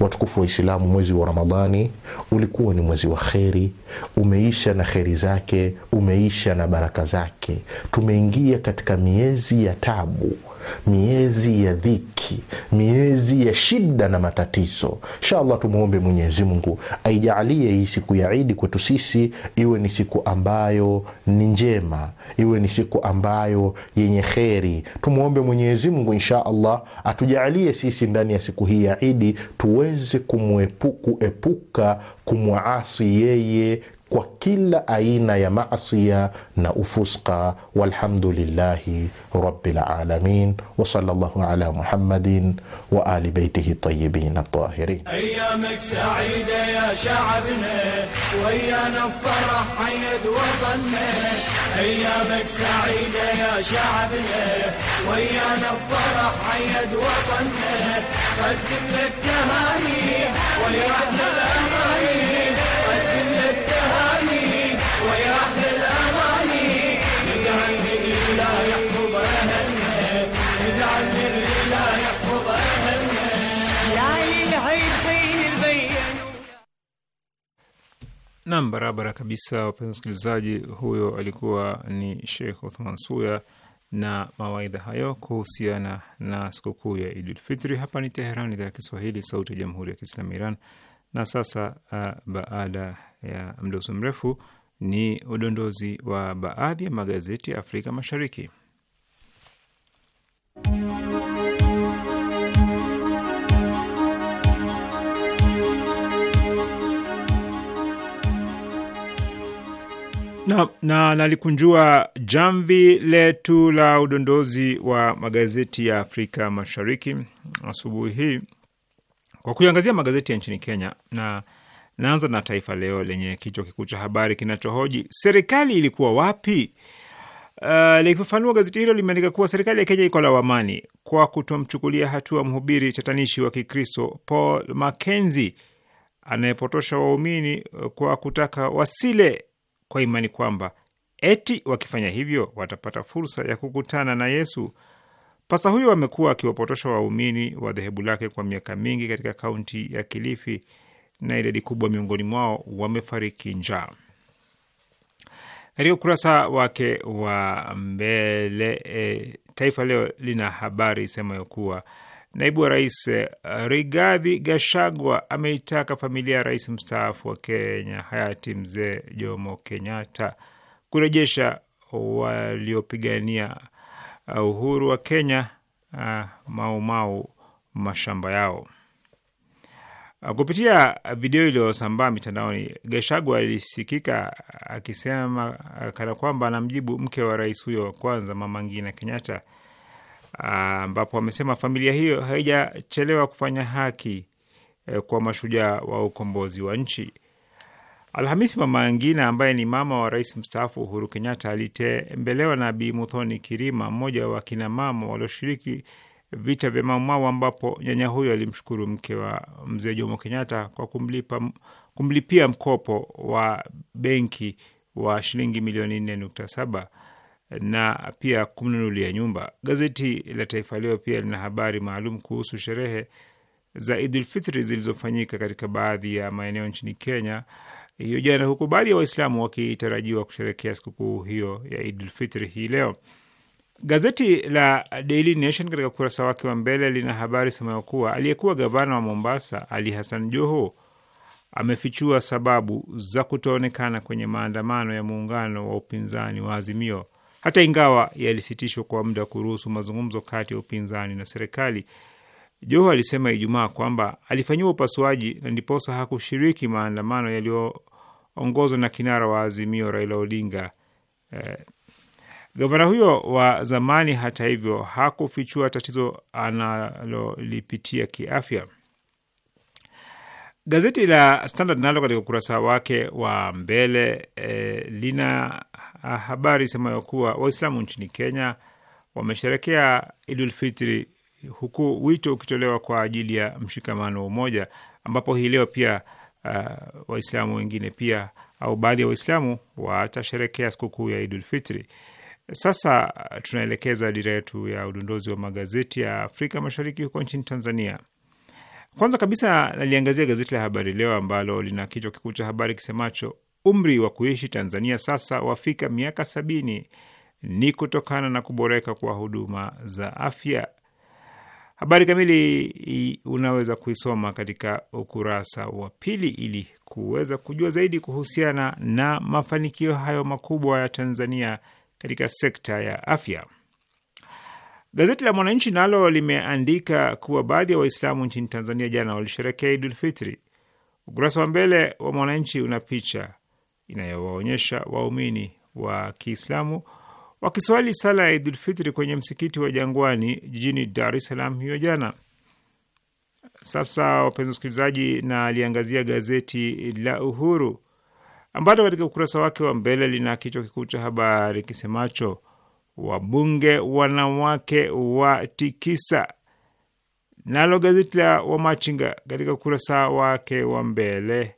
Watukufu wa islamu mwezi wa Ramadhani ulikuwa ni mwezi wa kheri, umeisha na kheri zake, umeisha na baraka zake. Tumeingia katika miezi ya tabu miezi ya dhiki, miezi ya shida na matatizo. Insha Allah tumwombe mwenyezimungu aijaalie hii siku ya Idi kwetu sisi iwe ni siku ambayo ni njema, iwe ni siku ambayo yenye kheri. Tumwombe mwenyezimngu insha Allah atujaalie sisi ndani ya siku hii ya Idi tuweze kumwepu, kuepuka kumwaasi yeye kwa kila aina ya masia na ufuska walhamdulillahi rabbil alamin wa sallallahu ala muhammadin wa ali baitihi tayyibin atahirin ايامك سعيده يا شعبنا ويانا الفرح حيد وطننا ايامك سعيده يا شعبنا ويانا الفرح حيد وطننا قدم لك تهاني ويعدنا الاماني Nam, barabara kabisa, wapenzi wasikilizaji, huyo alikuwa ni Sheikh Uthman Suya na mawaidha hayo kuhusiana na sikukuu ya Idul Fitri. Hapa ni Teheran, idhaa ya Kiswahili, sauti ya jamhuri ya kiislamu Iran. Na sasa uh, baada ya mdozo mrefu ni udondozi wa baadhi ya magazeti ya Afrika Mashariki. Na, na nalikunjua jamvi letu la udondozi wa magazeti ya Afrika Mashariki asubuhi hii kwa kuiangazia magazeti ya nchini Kenya na Naanza na Taifa Leo lenye kichwa kikuu cha habari kinachohoji serikali ilikuwa wapi? Uh, likifafanua gazeti hilo limeandika kuwa serikali ya Kenya iko lawamani kwa kutomchukulia hatua mhubiri chatanishi wa Kikristo Paul Mackenzie anayepotosha waumini uh, kwa kutaka wasile kwa imani kwamba eti wakifanya hivyo watapata fursa ya kukutana na Yesu. Pasta huyo amekuwa akiwapotosha waumini wa dhehebu lake kwa miaka mingi katika kaunti ya Kilifi na idadi kubwa miongoni mwao wamefariki njaa. Katika ukurasa wake wa mbele e, Taifa Leo lina habari isemayo kuwa naibu wa rais e, Rigathi Gachagua ameitaka familia ya rais mstaafu wa Kenya hayati Mzee Jomo Kenyatta kurejesha waliopigania e, uhuru wa Kenya maumau e, mashamba yao. Uh, kupitia video iliyosambaa mitandaoni, Geshagwa alisikika akisema uh, kana kwamba anamjibu mke wa rais huyo wa kwanza Mama Ngina Kenyatta, uh, ambapo amesema familia hiyo haijachelewa kufanya haki kwa mashujaa wa ukombozi wa nchi. Alhamisi, Mama Ngina ambaye ni mama wa rais mstaafu Uhuru Kenyatta alitembelewa na Bi Muthoni Kirima, mmoja wa kinamama walioshiriki vita vya Maumau, ambapo nyanya huyo alimshukuru mke wa mzee Jomo Kenyatta kwa kumlipa, kumlipia mkopo wa benki wa shilingi milioni 4.7 na pia kumnunulia nyumba. Gazeti la Taifa Leo pia lina habari maalum kuhusu sherehe za Idul Fitri zilizofanyika katika baadhi ya maeneo nchini Kenya hiyo jana, huku baadhi ya Waislamu wakitarajiwa kusherekea sikukuu hiyo ya Idul Fitri hii leo. Gazeti la Daily Nation katika ukurasa wake wa mbele lina habari semayo kuwa aliyekuwa gavana wa Mombasa Ali Hassan Joho amefichua sababu za kutoonekana kwenye maandamano ya muungano wa upinzani wa Azimio hata ingawa yalisitishwa kwa muda kuruhusu mazungumzo kati ya upinzani na serikali. Joho alisema Ijumaa kwamba alifanyiwa upasuaji na ndiposa hakushiriki maandamano yaliyoongozwa na kinara wa Azimio Raila Odinga eh, Gavana huyo wa zamani, hata hivyo, hakufichua tatizo analolipitia kiafya. Gazeti la Standard nalo katika ukurasa wake wa mbele e, lina habari semayo kuwa Waislamu nchini Kenya wamesherekea Idulfitri huku wito ukitolewa kwa ajili ya mshikamano wa umoja, ambapo hii leo pia uh, Waislamu wengine pia au baadhi ya Waislamu watasherekea sikukuu ya Idulfitri. Sasa uh, tunaelekeza dira yetu ya udondozi wa magazeti ya Afrika Mashariki huko nchini Tanzania. Kwanza kabisa naliangazia gazeti la Habari Leo ambalo lina kichwa kikuu cha habari kisemacho umri wa kuishi Tanzania sasa wafika miaka sabini, ni kutokana na kuboreka kwa huduma za afya. Habari kamili unaweza kuisoma katika ukurasa wa pili ili kuweza kujua zaidi kuhusiana na mafanikio hayo makubwa ya Tanzania katika sekta ya afya. Gazeti la Mwananchi nalo limeandika kuwa baadhi ya wa Waislamu nchini Tanzania jana walisherekea Idul Fitri. Ukurasa wa mbele wa Mwananchi una picha inayowaonyesha waumini wa Kiislamu wakiswali sala ya Idul Fitri kwenye msikiti wa Jangwani jijini Dar es Salaam hiyo jana. Sasa wapenzi wasikilizaji, na aliangazia gazeti la Uhuru ambalo katika ukurasa wake wa mbele lina kichwa kikuu cha habari kisemacho wabunge wanawake wa tikisa. Nalo gazeti la Wamachinga katika ukurasa wake wa mbele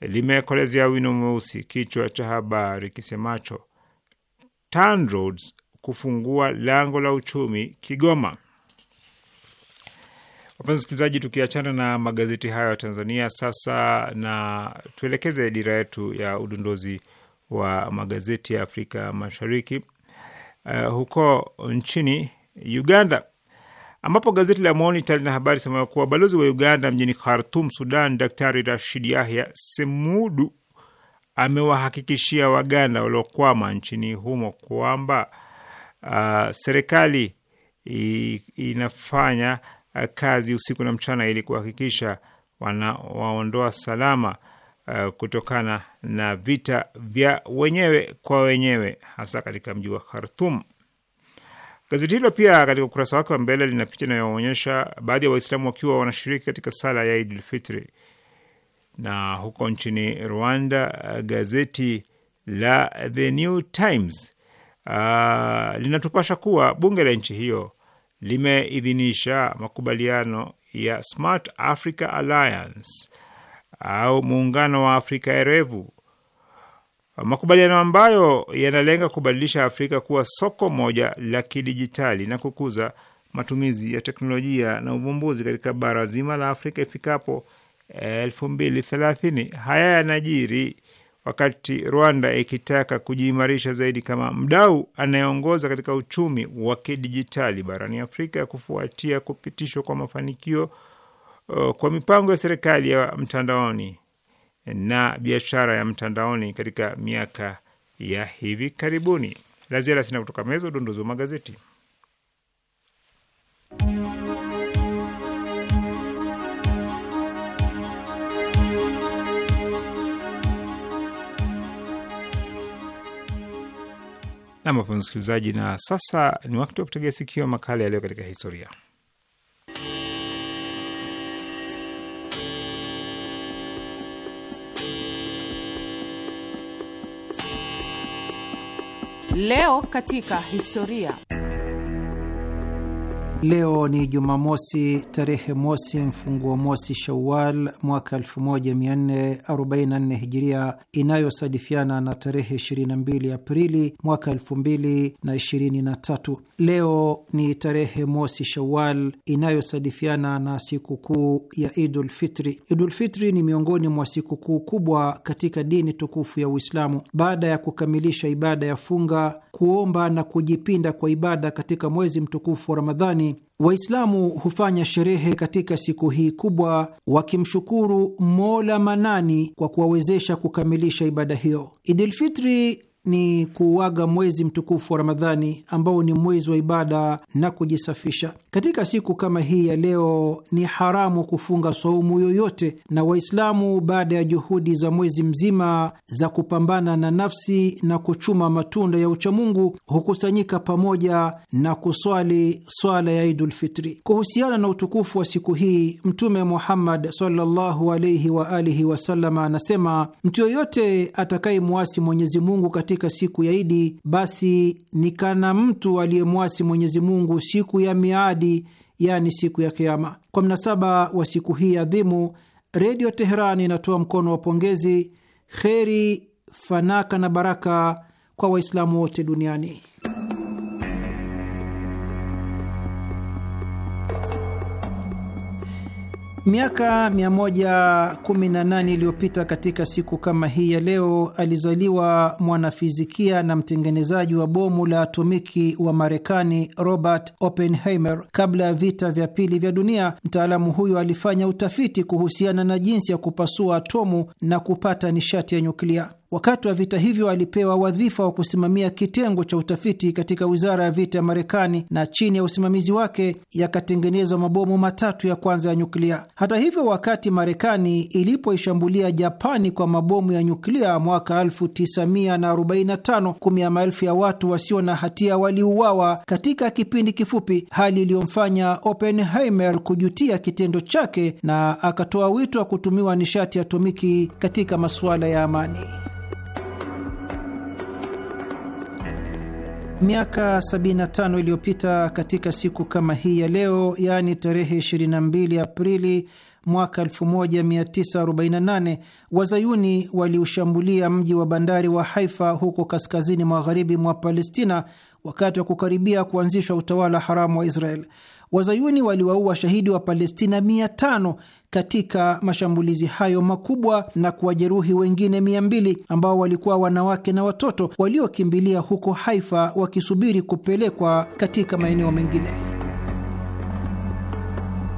limekolezea wino mweusi kichwa cha habari kisemacho TANROADS kufungua lango la uchumi Kigoma. Wapenzi wasikilizaji, tukiachana na magazeti hayo ya Tanzania sasa, na tuelekeze dira yetu ya udondozi wa magazeti ya Afrika Mashariki, uh, huko nchini Uganda ambapo gazeti la Monitor lina habari sema kuwa balozi wa Uganda mjini Khartum, Sudan, Daktari Rashid Yahya Semudu amewahakikishia Waganda waliokwama nchini humo kwamba uh, serikali inafanya Eh, kazi usiku na mchana ili kuhakikisha wanawaondoa salama uh, kutokana na vita vya wenyewe kwa wenyewe hasa katika mji wa Khartoum. Gazeti hilo pia katika ukurasa wake wa mbele lina picha inayoonyesha baadhi ya Waislamu wakiwa wanashiriki katika sala ya Idul Fitri. Na huko nchini Rwanda, eh, gazeti la The New Times uh, linatupasha kuwa bunge la nchi hiyo limeidhinisha makubaliano ya Smart Africa Alliance au muungano wa Afrika erevu, makubaliano ambayo yanalenga kubadilisha Afrika kuwa soko moja la kidijitali na kukuza matumizi ya teknolojia na uvumbuzi katika bara zima la Afrika ifikapo eh, elfu mbili thelathini. Haya yanajiri wakati Rwanda ikitaka kujiimarisha zaidi kama mdau anayeongoza katika uchumi wa kidijitali barani Afrika kufuatia kupitishwa kwa mafanikio uh, kwa mipango ya serikali ya mtandaoni na biashara ya mtandaoni katika miaka ya hivi karibuni. La ziada sina kutoka meza udunduzi wa magazeti. na mapenzi msikilizaji, na sasa ni wakati wa kutegea sikio makala yaliyo katika historia. Leo katika historia Leo ni Jumamosi, tarehe mosi mfunguo mosi Shawal mwaka 1444 Hijiria, inayosadifiana na tarehe 22 Aprili mwaka 2023. Leo ni tarehe mosi Shawal inayosadifiana na sikukuu ya Idulfitri. Idulfitri ni miongoni mwa sikukuu kubwa katika dini tukufu ya Uislamu. Baada ya kukamilisha ibada ya funga kuomba na kujipinda kwa ibada katika mwezi mtukufu wa Ramadhani, Waislamu hufanya sherehe katika siku hii kubwa, wakimshukuru Mola Manani kwa kuwawezesha kukamilisha ibada hiyo. Idilfitri ni kuuaga mwezi mtukufu wa Ramadhani ambao ni mwezi wa ibada na kujisafisha. Katika siku kama hii ya leo, ni haramu kufunga saumu yoyote, na Waislamu baada ya juhudi za mwezi mzima za kupambana na nafsi na kuchuma matunda ya uchamungu hukusanyika pamoja na kuswali swala ya Idul Fitri. Kuhusiana na utukufu wa siku hii, Mtume Muhammad sallallahu alaihi anasema, mtu yoyote atakayemwasi Mwenyezi Mungu katika katika siku ya Idi, basi ni kana mtu aliyemwasi Mwenyezi Mungu siku ya miadi, yaani siku ya Kiama. Kwa mnasaba wa siku hii adhimu, Redio Teherani inatoa mkono wa pongezi, kheri, fanaka na baraka kwa Waislamu wote duniani. Miaka 118 iliyopita katika siku kama hii ya leo alizaliwa mwanafizikia na mtengenezaji wa bomu la atomiki wa Marekani Robert Oppenheimer. Kabla ya vita vya pili vya dunia, mtaalamu huyo alifanya utafiti kuhusiana na jinsi ya kupasua atomu na kupata nishati ya nyuklia. Wakati wa vita hivyo alipewa wadhifa wa kusimamia kitengo cha utafiti katika wizara ya vita ya Marekani, na chini ya usimamizi wake yakatengenezwa mabomu matatu ya kwanza ya nyuklia. Hata hivyo, wakati Marekani ilipoishambulia Japani kwa mabomu ya nyuklia mwaka 1945, kumi ya maelfu ya watu wasio na hatia waliuawa katika kipindi kifupi, hali iliyomfanya Oppenheimer kujutia kitendo chake na akatoa wito wa kutumiwa nishati atomiki katika masuala ya amani. Miaka 75 iliyopita katika siku kama hii ya leo, yaani tarehe 22 Aprili mwaka 1948 Wazayuni waliushambulia mji wa bandari wa Haifa huko kaskazini magharibi mwa Palestina wakati wa kukaribia kuanzishwa utawala haramu wa Israel. Wazayuni waliwaua shahidi wa Palestina mia katika mashambulizi hayo makubwa na kuwajeruhi wengine mia ambao walikuwa wanawake na watoto waliokimbilia huko Haifa wakisubiri kupelekwa katika maeneo mengine.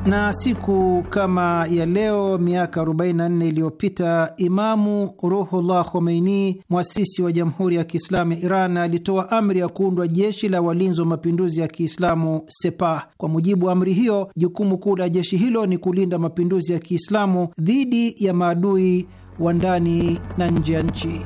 Na siku kama ya leo miaka 44 iliyopita Imamu Ruhullah Khomeini, mwasisi wa Jamhuri ya Kiislamu ya Iran, alitoa amri ya kuundwa jeshi la walinzi wa mapinduzi ya Kiislamu Sepah. Kwa mujibu wa amri hiyo, jukumu kuu la jeshi hilo ni kulinda mapinduzi ya Kiislamu dhidi ya maadui wa ndani na nje ya nchi.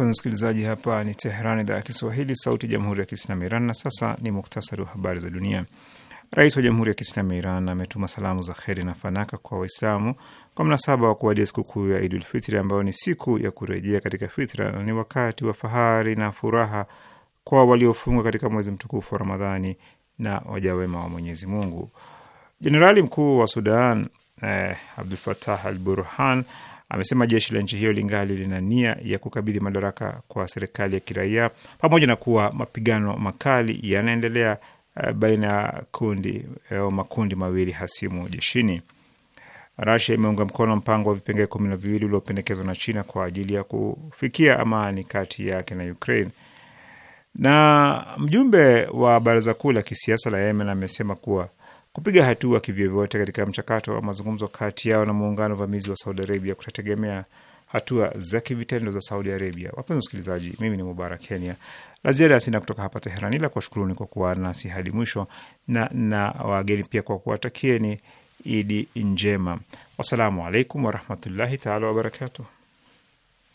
Mpenzi msikilizaji, hapa ni teheran idhaa ya Kiswahili, sauti ya jamhuri ya kiislamu Iran. Na sasa ni muktasari wa habari za dunia. Rais wa Jamhuri ya Kiislamu ya Iran ametuma salamu za kheri na fanaka kwa Waislamu kwa mnasaba wa kuwadia sikukuu ya Idul Fitri ambayo ni siku ya kurejea katika fitra na ni wakati wa fahari na furaha kwa waliofungwa katika mwezi mtukufu wa Ramadhani na wajawema wa Mwenyezi Mungu. Jenerali mkuu wa Sudan eh, Abdul Fatah al Burhan Amesema jeshi la nchi hiyo lingali lina nia ya kukabidhi madaraka kwa serikali ya kiraia pamoja na kuwa mapigano makali yanaendelea eh, baina ya kundi au eh, makundi mawili hasimu jeshini. Rasia imeunga mkono mpango wa vipengee kumi na viwili uliopendekezwa na China kwa ajili ya kufikia amani kati yake na Ukraine. Na mjumbe wa baraza kuu la kisiasa la Yemen amesema kuwa kupiga hatua kivyovyote katika mchakato wa mazungumzo kati yao na muungano vamizi wa Saudi Arabia kutategemea hatua za kivitendo za Saudi Arabia. Wapenzi wasikilizaji, mimi ni Mubarak Kenya la ziada sina kutoka hapa Teherani, ila kuwashukuruni kwa kuwa nasi hadi mwisho na na wageni pia kwa kuwatakieni Idi njema. Wassalamu alaikum warahmatullahi taala wabarakatuh.